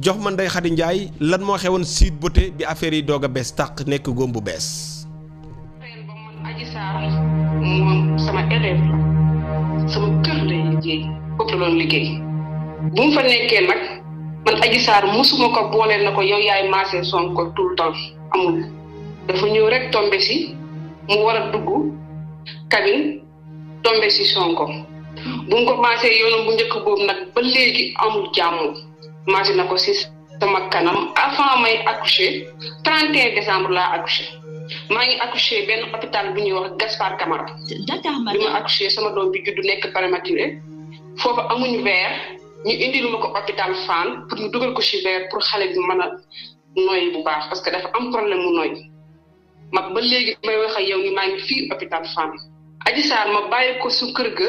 jox ma Ndeye Khady Ndiaye lan moo xewoon Sweet Beauté bi affaire yi doog a bees tàq nekk góom bu bees. ba man moom sama élève la sama kër lay liggéey bu mu fa nekkee nag man Adji mosuma ko booleel na ko yow yaay maasee Sonko tout le temps amul dafa ñëw rek tombe si mu war a dugg cabine tombe si Sonko bu mu ko maasee yoonam bu njëkk boobu nag ba léegi amul jàmm. màcc na ko si sama kanam avant may accoucher 31 décembre la accoucher maa ngi accoucher benn hôpital bi ñuy wax Gaspard Camara. bi ma accoucher sama doom bi juddu nekk prématuré foofu amuñu verre ñu indil ma ko hôpital Fann pour ñu dugal ko ci pour xale bi mën a nooy bu baax parce que dafa am problème mu nooy mag ba léegi may wax ak yow ni maa ngi fi hôpital Fann Adji Sarr ma bàyyi ko su kër ga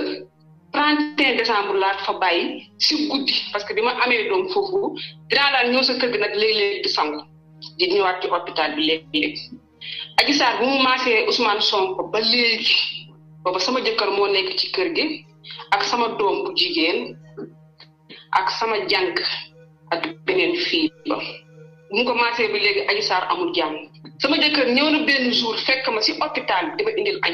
31 décembre laa fa bàyyi si guddi parce que bi ma amee doom foofu dinaa daan ñëw sa kër gi nag léeg-léeg di sangu di ñëwaat ci hôpital bi léeg-léeg Adji Sarr bu mu maasee Ousmane Sonko léegi booba sama jëkkër moo nekk ci kër gi ak sama doom jigéen ak sama jànk ak beneen fii mu ko bi léegi Adji Sarr amul jàmm sama jëkkër ñëw na benn jour fekk ma si hôpital bi dama indil añ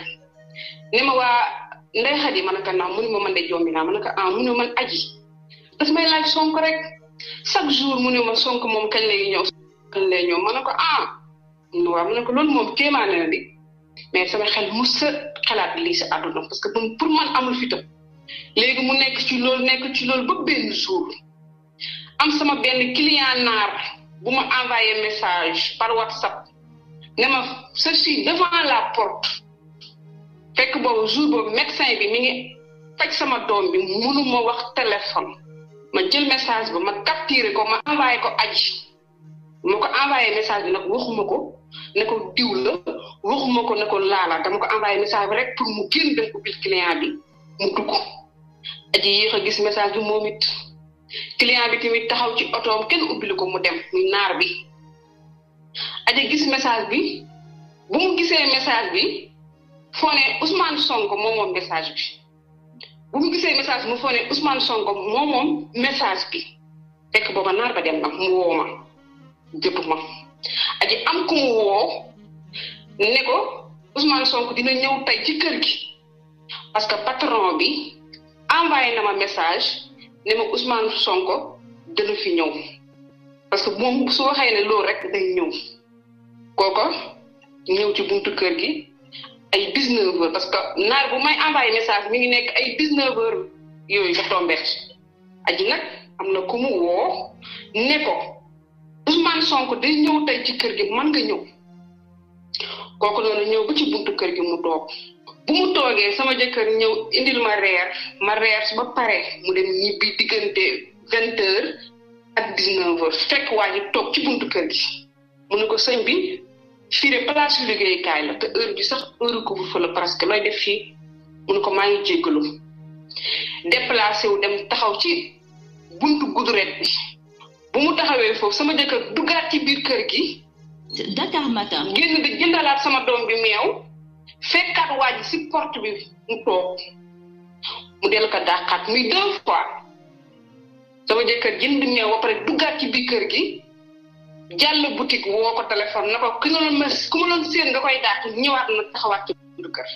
ne ma waa Ndeye Khady ma ne ko naam mu ne ma man de jombi naa ma ne ko ah mu ne man aji daf may laaj Sonko rek chaque jour mu ne ma Sonko moom kañ lay ñëw kañ lay ñëw ma ne ko ah waaw ma ne ko loolu moom kéemaane na mais sama xel mu sa xalaat lii sa àdduna parce que pour man amul fi tam léegi mu nekk ci lool nekk ci lool ba benn jour am sama benn client naar bu ma envoyé message par WhatsApp ne ma ceci devant la porte fekk boobu jour boobu médecin bi mu ngi faj sama doom bi mënu ma wax téléphone ma jël message ba ma capturé ko ma envoyé ko aji ma ko envoyé message bi nag waxuma ko ne ko diw la waxuma ko ne ko laala dama ko envoyé message bi rek pour mu génn dem ubbil client bi mu dugg yéex a gis message bi moom it client bi tamit taxaw ci otom kenn ubbili ko mu dem muy naar bi aji gis message bi bu gisee message bi foo ne Sonko moom moom message bi bu mu gisee message bi mu foo ne Sonko moom message bi fekk booba naar ba dem na mu woo ma jëpp ma aji am ku woo ne ko Ousmane Sonko dina ñëw tey ci kër gi parce que patron bi envoyé na ma message ne ma Ousmane Sonko dina fi ñëw parce que moom su waxee ne loolu rek day ñëw kooko ñëw ci buntu kër gi ay 19 parce que naar bu may envoyé message mi ngi nekk ay 19 heures yooyu nga tombé aji nag am na ku mu woo ne ko Ousmane Sonko di ñëw tey ci kër gi man nga ñëw kooku noonu ñëw ba ci buntu kër gi mu toog bu mu toogee sama jëkkër ñëw indil ma reer ma reer ba pare mu dem ñibbi diggante vingt heures ak dix fekk waa toog ci buntu kër gi mu ne ko sëñ bi fii de place su liggéeykaay la te heure bi sax heure ko fa la parce que looy def fii mun ko maa ngi jéggalu déplacé wu dem taxaw ci buntu guduret bi bu mu taxawee foofu sama jëkkër duggaat ci biir kër gi. Dakar jëndalaat sama doom bi meew fekkaat si porte mu toog mu dellu ko dàqaat muy deux fois sama jëkkër jënd meew ba pare duggaat ci biir kër gi. jàll boutique woo ko téléphone na ko ku ma doon ma doon séen nga koy dàq ñëwaat na taxawaat ci buntu kër.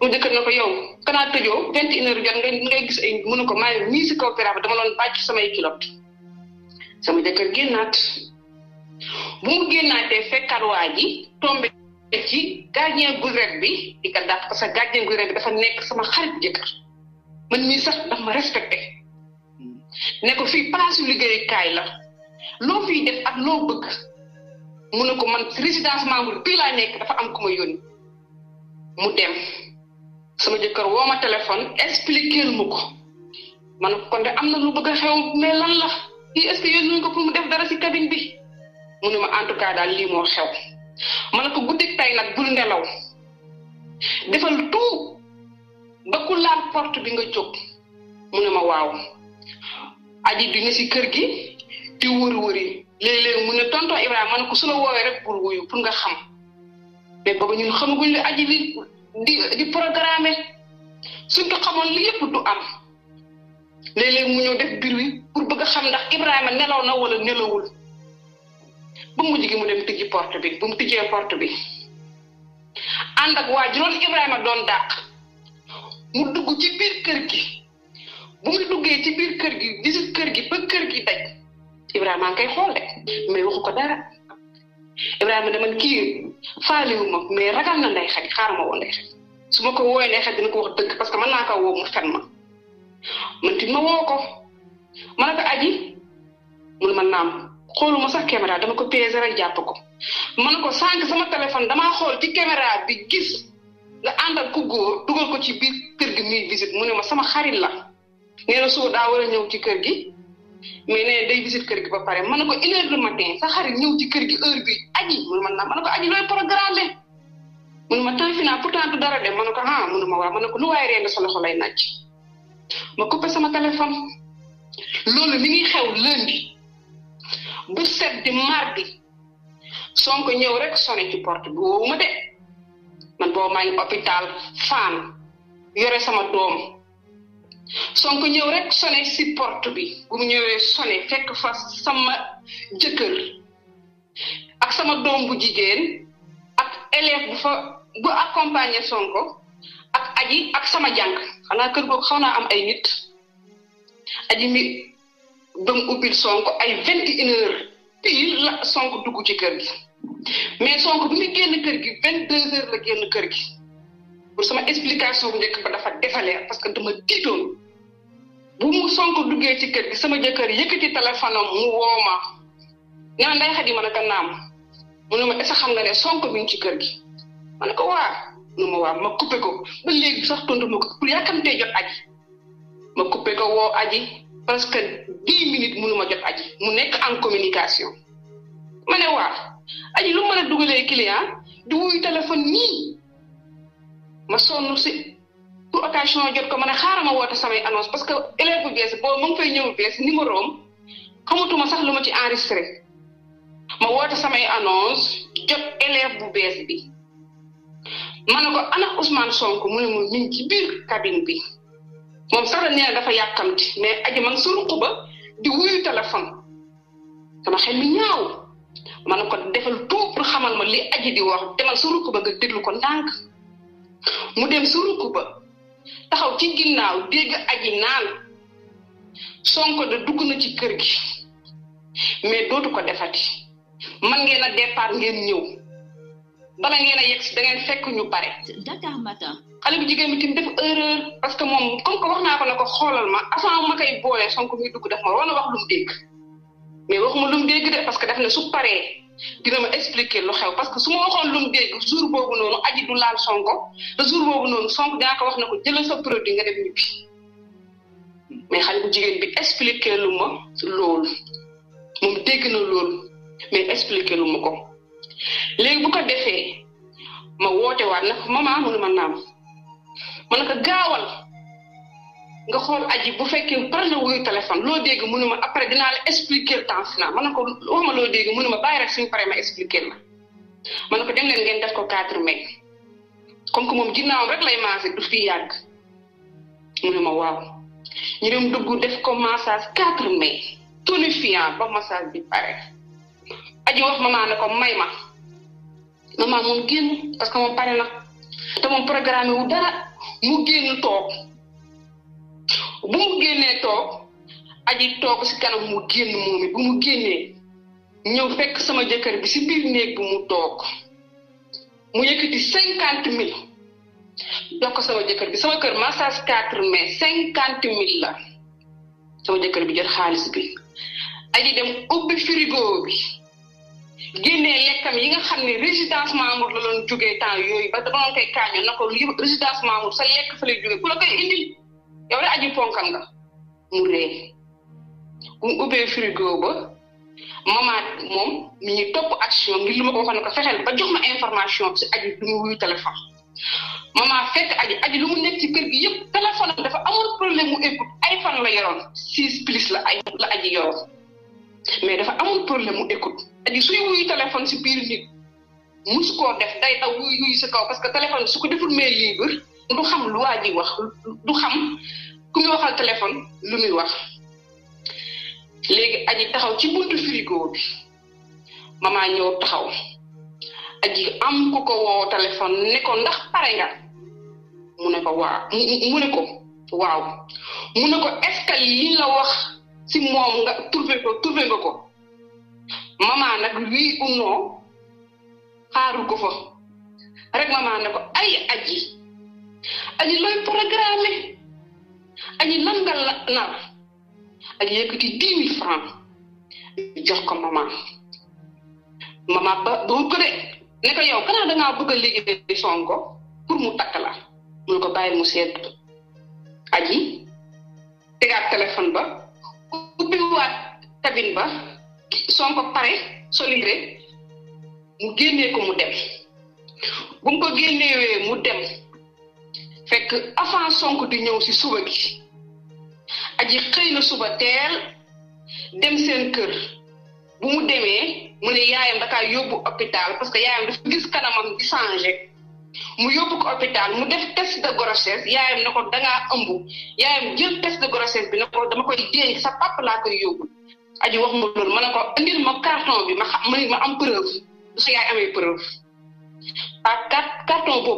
mu jëkkër na ko yow kanaa tëjoo vingt et une heures nga ngay gis ay mënu ko maa ngi nii si kaw piraab dama doon bàcc samay kilot sama jëkkër génnaat bu mu génnaatee fekkaat waa ji tombé ci gardien gurret bi di ko dàq parce que gardien gurret bi dafa nekk sama xarit jëkkër man mii sax daf ma respecté hmm. ne ko fii place liggéeyukaay la. loo fiy def ak loo bëgg mu ne ko man résidence membre bii laa nekk dafa am ku ma yoon mu dem sama jëkkër woo ma téléphone expliquer mu ko ma kon de am na lu bëgg a xew mais lan la kii est ce que yónnuñu ko mu def dara si cabine bi mu ne ma en tout cas daal lii xew ma ne ko guddik tey nag bul nelaw defal tout ba ku porte bi nga jóg mu ne ma waaw aji bi nga si kër gi. di wër wëri léeg mu ne tonton Ibrahima man ko su la rek pour wooyu pour nga xam mais booba ñun xamaguñ li aji li di di programme suñ ko xamoon li yëpp du am léeg-léeg mu ñëw def biir wi pour bëgg xam ndax Ibrahima nelaw na wala nelawul ba mujj gi mu dem tijji port bi bu mu tijjee porte bi ànd ak waa juróon Ibrahima doon dàq mu dugg ci biir kër gi bu mu duggee ci biir kër gi visite kër gi ba kër gi daj. Ibrahima a ngi koy xool de mais waxu ko dara Ibrahima dama kii faaliwu ma mais ragal na nday xaj xaaral ma woo nday xaj su ma ko woowee nday xaj dina ko wax dëgg parce que mën naa ko woo mu fen ma ti ma woo ko ma ne ko aji mun ma naam xooluma sax caméra dama ko peser rek jàpp ko ma ko sànq sama téléphone dama xool ci caméra bi gis nga ànd ak ku góor dugal ko ci biir kër gi muy visite mu ne ma sama xarit la nee na suba daa war a ñëw ci kër gi mais nee day visite kër gi ba pare mën na ko une heure du matin xarit ñëw ci kër gi heure bi aji munu man naa mën na ko aji looy programme munu ma temps final pourtant du dara de mën na ko ah ma waa mën na ko lu waaye reen sa loxo lay ma coupé sama téléphone loolu li ngi xew lundi bu set di mardi Sonko ñëw rek sonné ci porte bi ma de man boobu maa ngi hôpital Fann yore sama doom Sonko ñëw rek sone si bi bu mu ñëwee sone fekk fa sama jëkkër ak sama doom bu jigéen ak élève bu fa bu accompagner Sonko ak aji ak sama jàng xanaa kër googu xaw naa am ay nit aji mi doom ubbil Sonko ay vingt et une heures pile la Sonko dugg ci kër gi mais Sonko bu muy génn kër gi vingt deux heures la génn kër gi pour sama explication bu njëkk ba dafa defaleer parce que dama tiitoon bu mu Sonko duggee ci kër gi sama jëkkër yëkkati téléphone am mu woo ma ñaan nday xat yi ma ne ko naam mu ne ma est xam nga ne Sonko mi ngi ci kër gi ma ne ko waa nu ma waa ma coupé ko ba léegi sax tontu ma ko pour yàkkamtee jot aji ma coupé ko woo parce que dix minutes mënu ma jot aji mu nekk en communication ma ne waa aji lu mën a dugalee di wuyu téléphone nii ma sonn si pour occasion jot ko mën a xaaral ma woote samay annonce parce que élève bu bees boobu ma ngi fay ñëw bees numéro am xamatuma sax lu ma ci enregistré ma woote samay annonce jot élève bu bees bi ma ne ko ana Ousmane Sonko mu mu mi ngi ci biir cabine bi moom sax la nee dafa yàkkamti mais aji man suruq ba di wuyu téléphone sama xel mi ñaaw ma ne ko defal tout xamal ma li aji di wax demal suruq ba nga déglu ko ndànk mu dem suruk ba taxaw ci ginnaaw dégg aji naan sonko de dugg na ci kër gi mais dootu ko defati man ngeen a départ ngeen ñëw bala ngeen a yegg fekk ñu pare. Dakar matin. xale bu jigéen bi tim def erreur parce que moom comme que wax naa ko ne ko xoolal ma avant ma koy boole sonko mi dugg def ma war na wax lu mu dégg mais waxuma lu dégg de parce que daf ne su paree. dina ma expliquer lu xew parce que su ma waxoon lu mu dégg jour boobu noonu aji du laal sonko te jour boobu noonu sonko dinaa ko wax na ko jëlal sa produit nga dem ñibbi mais xale bu jigéen bi expliquer lu ma loolu moom dégg na loolu mais expliquer lu ma ko léegi bu ko defee ma woote waat nag maman mënu ma naam ma ne ko gaawal nga xool aji bu fekkee parle wuyu téléphone loo dégg mënu ma après dinaa la expliquer le temps final ma ne ko wax ma loo dégg ma bàyyi rek suñu paree ma expliquer la ma ko dem leen ngeen def ko 4 mai comme que moom ginnaawam rek lay maase du fi yàgg ma waaw ñu dem dugg def ko massage 4 mai tonifiant ba massage bi pare aji wax maman ne ko may ma maman moom génn parce que moom pare na te moom programme wu dara mu génn toog. bu mu génnee toog aji toog si kanam mu génn moom bu mu génnee ñëw fekk sama jëkkër bi si biir néeg bi mu toog mu yëkkati cinquante mille jox ko sama jëkkër bi sama kër massage quatre mai cinquante mille la sama jëkkër bi jot xaalis bi aji dem ubbi frigo bi génnee lekkam yi nga xam ne résidence Mamour la doon jógee temps yooyu ba dama doon koy kaañoo na ko résidence Mamour sa lekk fa lay jógee ku la koy indil yow de aji ponkal nga mu ree bu mu ubbee frigo ba mamaat moom mi ngi topp action ngir lu ma ko waxoon ne ko fexeel ba jox ma information si aji lu mu wuyu téléphone maman fekk aji mu nekk ci kër gi yëpp téléphone dafa amul problème mu écoute iPhone la yoroon six plus la ay la aji yoroon mais dafa amul problème mu écoute aji suy wuyu téléphone si biir nit musu koo def day daw wuyu wuyu sa kaw parce que téléphone su ko deful mais libre du xam lu waa wax du xam ku muy waxal téléphone lu muy wax léegi aji taxaw ci buntu frigo mama ñëw taxaw aji am ku ko woo téléphone ne ko ndax pare nga mu ne ko waaw mu ne ko waaw mu ko est-ce que li la wax si moom nga trouvé ko trouvé nga ko mama nag oui ou non xaaru ko rek mama ne ay aji añu looy programme aji lan nga la nar aji yëkkati dix mille franc jox ko maman maman ba duul ko de ne ko yow kanaa dangaa bëgg a liggéey sonko pour mu takk mu ne ko bàyyi mu seet aji tegaat téléphone ba ubbiwaat cabine ba sonko pare solire mu génnee ko mu dem bu mu ko génnewee mu dem fekk avant sonk di ñëw si suba gi aji xëy na suba teel dem seen kër bu mu demee mu ne yaayam dakaa yóbbu hôpital parce que yaayam dafa gis kanamam di changé mu yóbbu ko hôpital mu def test de grossesse yaayam ne ko dangaa ëmb yaayam jël test de grossesse bi ne ko dama koy dénk sa papa laa koy yóbbu aji wax ma loolu ma ne ko indil ma carton bi ma xam ma am preuve su yaay amee preuve par carton boobu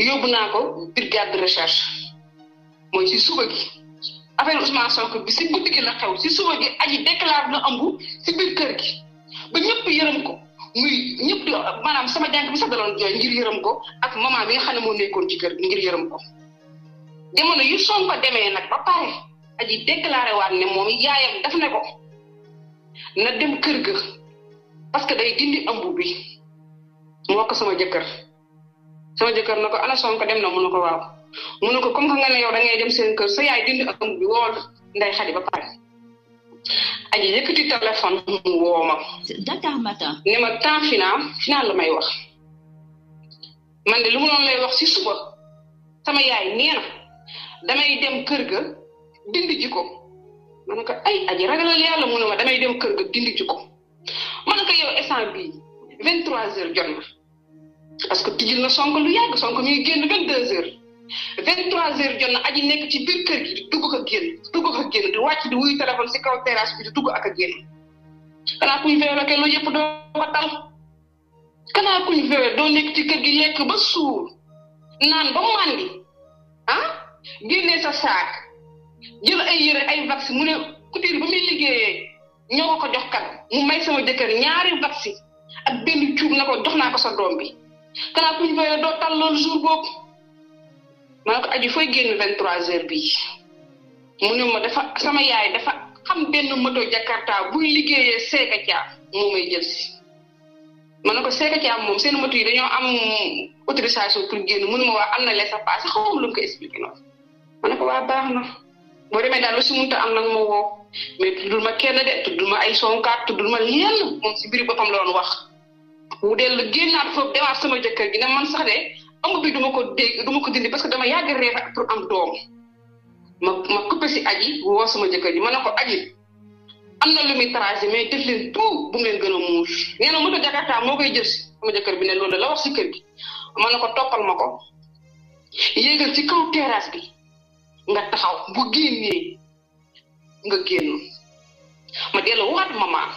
yóbbu naa ko brigade de recherche mooy ci suba gi affaire Ousmane Sonko bi si guddi gi la xew si suba gi aji déclare na ëmb si biir kër gi ba ñëpp yërëm ko muy ñëpp di maanaam sama jànk bi sax daloon jooy ngir yërëm ko ak maman bi nga xam ne moo nekkoon ci kër ngir yërëm ko jamono yu Sonko demee nag ba pare aji déclaré waat ne moom yaayam daf ne ko na dem kër ga parce que day dindi ëmb bi moo ko sama jëkkër sama jëkkër na ko ana Sonko dem na mu ne ko waaw mu ne ko comme que nga ne yow da ngay dem seen kër sa yaay dindi ëmb bi woo Ndeye Khady ba pare. aji yëkkati téléphone mu woo ma. Dakar Matin. ne ma temps final final la may wax man de lu mu lay wax si suba sama yaay nee na damay dem kër ga dindi ji ko ay ne ko ay aji ragalal yàlla mu ne ma damay dem kër ga dindi ji ko ma ne ko yow instant bii 23 jot na. parce que tijjil na Sonko lu yàgg Sonko mi ngi génn vingt deux heures vingt trois heures jot na aji nekk ci biir kër gi dugg a génn dugg a génn di wàcc di wuyu téléphone si kaw terrasse bi di dugg ak a génn kanaa kuñ yëpp doo ko tal kanaa kuñ velo doo nekk ci kër gi lekk ba suur naan ba màndi ah génnee sa saak jël ay yëre ay vaccin mu ne couture ba muy liggéeyee ñoo ko ko jox kat mu may sama jëkkër ñaari vaccin ak benn cuub na ko jox naa ko sa doom bi xanaa kuñ bayoo doo tal loolu jour boobu ma ne ko aju fooy génn vingt trois heures bii mu ne ma dafa sama yaay dafa xam benn moto jakarta buy liggéeyee seeka caaf moo may jël ne ko seeka caaf moom seen moto yi dañoo am autorisation pour génn mu ne waa am na lees a passé xaw ma lu mu ko expliqué noonu ma ko waa baax na boo demee daal lu si munta am nag ma woo mais tuddul ma kenn de tuddul ma ay sonkaat tuddul ma yenn moom si biir boppam la wax mu dellu génnaat foofu dewaat sama jëkkër gi ne man sax de ëmb bi du ma ko dégg du ma ko dindi parce que dama yàgg a rêve pour am doom ma ma coupé si aji woo sama jëkkër ji ma ne ko aji am na lu muy mais def leen tout bu mu leen gën a muus nee ma moto Jakarta moo koy jël si sama jëkkër bi ne loolu la wax si kër gi ma ne ko toppal ma ko yéegal ci kaw terrasse bi nga taxaw bu génnee nga génn ma dellu waat ma maam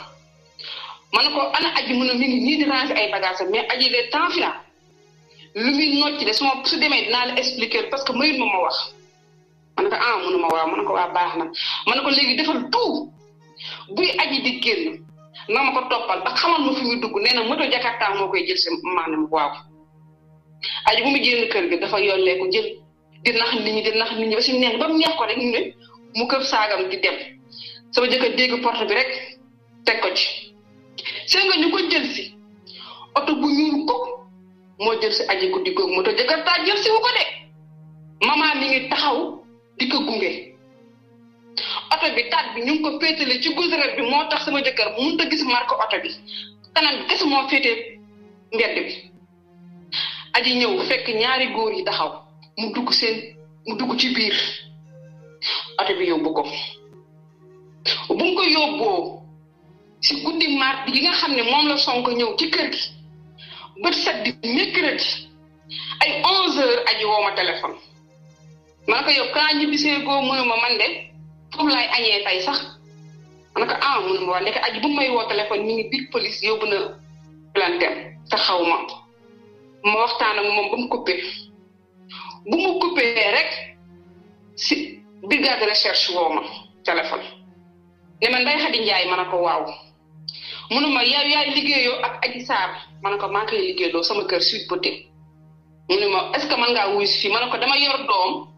ma ne ko ana aji mun a mi ngi nii di ay bagages am mais aji de temps fi na lu muy nocc de su su demee naa la expliquer parce que mayut ma ma wax ma ne ko ah munuma waaw ma ne ko waa baax na ma ne ko léegi defal tout buy aji di génn na ma ko toppal ba xaman ma fi muy dugg nee na moto jakarta moo koy jël si maanaam waaw aji bu mu génn kër gi dafa yollee ko jël di nax nit ñi di nax nit ñi ba si neex ba mu neex ko rek ñu mu mu këf saagam di dem sama jëkkër dégg porte bi rek teg ko ci nga ñu ko jël si bu ñuul ko moo jël si aji guddi googu moto jakarta jël si wu ko de mamaam mi ngi taxaw di ko gunge oto bi taat bi ñu ngi ko féetale ci goudron bi moo tax sama jëkkër mun ta gis marque oto bi kanam bi kese moo féetee mbedd bi aji ñëw fekk ñaari góor yi taxaw mu dugg seen mu dugg ci biir oto bi yóbbu ko bu mu ko yóbboo si guddi mars yi nga xam ne moom la sonk ñëw ci kër gi bët set di mercredi ay 11 heures aji woo ma téléphone ma ne ko yow kaa ñibbi see goo man de foofu laay añee tey sax ma ne ko ah mënuma waa bu may woo téléphone mi ngi biir police yóbbu na plantem te xaw ma ma waxtaan ak moom ba mu coupé bu mu coupé rek si brigade recherche woo ma téléphone ne man Ndeye Khady Ndiaye ma waaw munuma yow yaay liggéeyoo ak Adji Sarr ma ne ko maa ngi koy liggéeyloo sama kër suite beauté munuma est ce que mën ngaa wuyu si fii ma ne ko dama yor doom.